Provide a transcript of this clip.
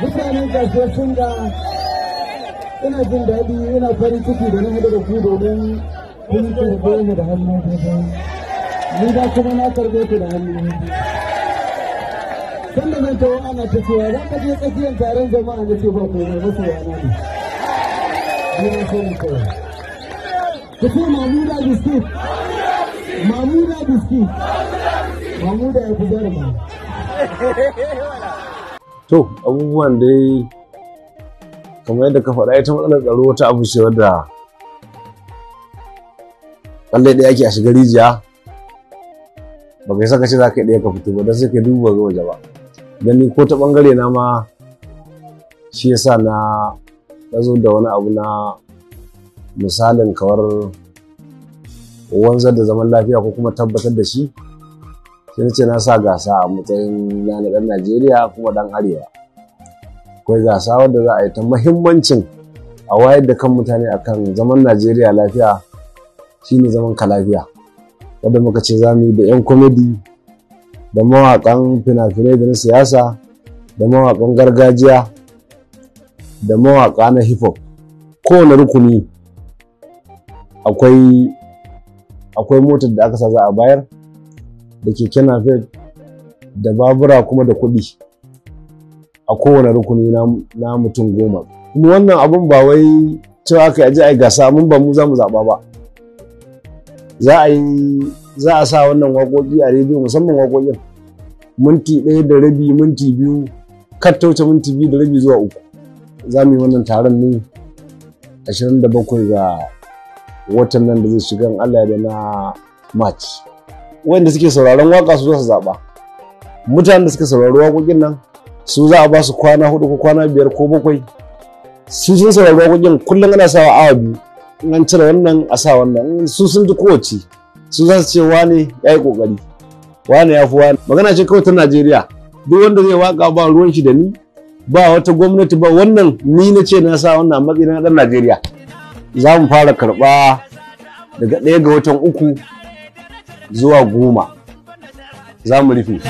mutanen ƙarshe sun ga ina jin daɗi ina farin ciki da na haɗu da ku domin kun karɓe ni da hannu ni da kuma na karɓe ku da hannu san Sanda zan tawo ana ta cewa za ka je tsakiyar taron jama'a na ce ba ko mai masu yana ne ina so mu tawo ku ce mamuda biskit mamuda biskit mamuda ya fi jarma to abubuwan dai kamar yadda ka faɗa ita matsalar tsaro wata abu ce wadda lallai ɗaya ake a shiga rijiya ba kai saka ce za ka ɗaya ka fito ba don sai ka duba ga waje ba don ni ko ta ɓangare na ma shi yasa na na zo da wani abu na misalin kawar wanzar da zaman lafiya ko kuma tabbatar da shi sai ce na sa gasa a matsayin na ɗan najeriya kuma ɗan arewa akwai gasa wadda za a yi ta mahimmancin a wayar da kan mutane akan zaman najeriya lafiya shine zaman ka lafiya wadda muka ce za mu yi da 'yan komedi da mawaƙan fina-finai da na siyasa da mawaƙan gargajiya da mawaƙa na hip hop kowane rukuni akwai motar da aka sa za a bayar da keke napep da babura kuma da kuɗi a kowane rukuni na mutum goma kuma wannan abin ba wai cewa ka yaji a gasa mun ba mu za mu zaɓa ba za a yi za a sa wannan waƙoƙi a rediyo musamman waƙoƙin minti ɗaya da rabi minti biyu kattauce minti biyu da rabi zuwa uku za mu yi wannan taron ne 27 ga watan nan da zai shiga Allah da na march wanda suke sauraron waka su za su zaɓa mutanen da suka saurari waƙoƙin nan su za a ba su kwana hudu ko kwana biyar ko bakwai su sun saurari waƙoƙin kullum ana sawa awa biyu in an cire wannan a sa wannan su sun ji kowace su za su ce wane ya yi ƙoƙari wane ya fi wane magana ce kawai ta najeriya duk wanda zai waka ba ruwan shi da ni ba wata gwamnati ba wannan ni na ce na sa wannan matsayin na dan najeriya za mu fara karɓa daga ɗaya ga watan uku zuwa goma za mu rufe